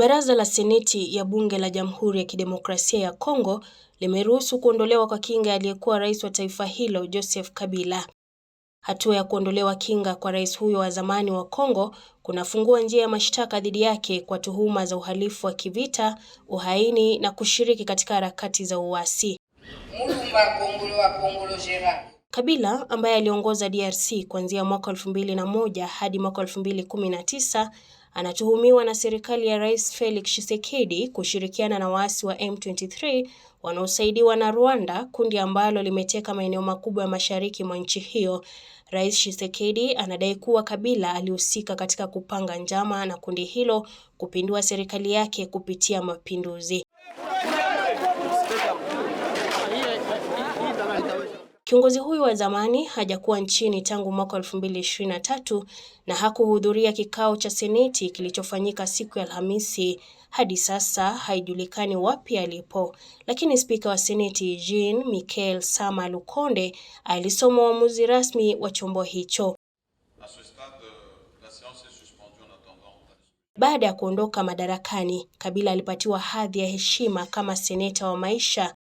Baraza la Seneti ya Bunge la Jamhuri ya Kidemokrasia ya Kongo limeruhusu kuondolewa kwa kinga aliyekuwa rais wa taifa hilo Joseph Kabila. Hatua ya kuondolewa kinga kwa rais huyo wa zamani wa Kongo kunafungua njia ya mashtaka dhidi yake kwa tuhuma za uhalifu wa kivita, uhaini na kushiriki katika harakati za uasi. Kabila ambaye aliongoza DRC kuanzia mwaka 2001 hadi mwaka 2019 anatuhumiwa na serikali ya Rais Felix Tshisekedi kushirikiana na waasi wa M23 wanaosaidiwa na Rwanda, kundi ambalo limeteka maeneo makubwa ya mashariki mwa nchi hiyo. Rais Tshisekedi anadai kuwa Kabila alihusika katika kupanga njama na kundi hilo kupindua serikali yake kupitia mapinduzi. Kiongozi huyu wa zamani hajakuwa nchini tangu mwaka 2023 na hakuhudhuria kikao cha seneti kilichofanyika siku ya Alhamisi. Hadi sasa haijulikani wapi alipo, lakini spika wa seneti Jean Michel Sama Lukonde alisoma uamuzi rasmi wa chombo hicho. Baada ya kuondoka madarakani, Kabila alipatiwa hadhi ya heshima kama seneta wa maisha